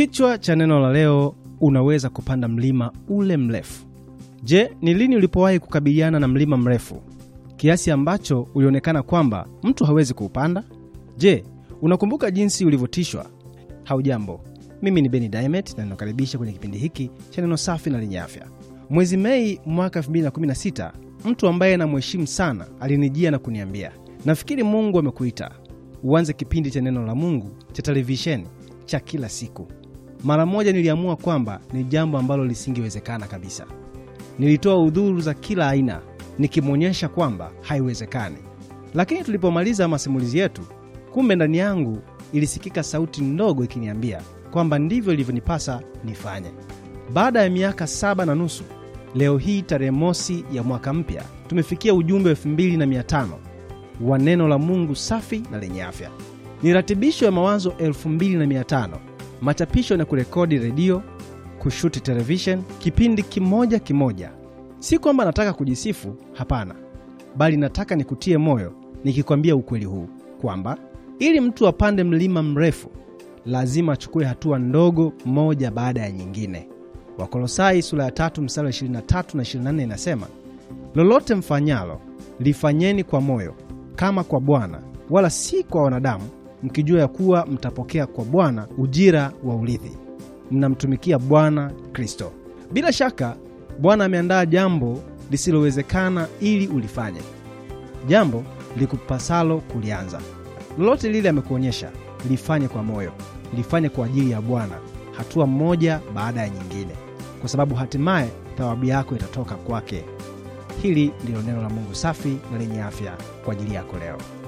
Kichwa cha neno la leo, unaweza kupanda mlima ule mrefu. Je, ni lini ulipowahi kukabiliana na mlima mrefu kiasi ambacho ulionekana kwamba mtu hawezi kuupanda? Je, unakumbuka jinsi ulivyotishwa? Haujambo, mimi ni Beni Dimet na ninakaribisha kwenye kipindi hiki cha neno safi na lenye afya. Mwezi Mei mwaka 2016 mtu ambaye namheshimu sana alinijia na kuniambia, nafikiri Mungu amekuita uanze kipindi cha neno la Mungu cha televisheni cha kila siku mara moja niliamua kwamba ni jambo ambalo lisingewezekana kabisa. Nilitoa udhuru za kila aina nikimwonyesha kwamba haiwezekani, lakini tulipomaliza masimulizi yetu, kumbe ndani yangu ilisikika sauti ndogo ikiniambia kwamba ndivyo ilivyonipasa nifanye. Baada ya miaka saba na nusu, leo hii tarehe mosi ya mwaka mpya, tumefikia ujumbe elfu mbili na mia tano wa neno la Mungu safi na lenye afya. Ni ratibisho ya mawazo elfu mbili na mia tano machapisho na kurekodi redio, kushuti televishen kipindi kimoja kimoja. Si kwamba nataka kujisifu, hapana, bali nataka nikutie moyo nikikwambia ukweli huu kwamba ili mtu apande mlima mrefu lazima achukue hatua ndogo moja baada ya nyingine. Wakolosai sura ya tatu mstari wa 23 na 24 inasema, lolote mfanyalo lifanyeni kwa moyo kama kwa Bwana, wala si kwa wanadamu, mkijua ya kuwa mtapokea kwa Bwana ujira wa urithi, mnamtumikia Bwana Kristo. Bila shaka Bwana ameandaa jambo lisilowezekana ili ulifanye, jambo likupasalo kulianza. Lolote lile amekuonyesha, lifanye kwa moyo, lifanye kwa ajili ya Bwana, hatua mmoja baada ya nyingine, kwa sababu hatimaye thawabu yako itatoka kwake. Hili ndilo neno la Mungu safi na lenye afya kwa ajili yako leo.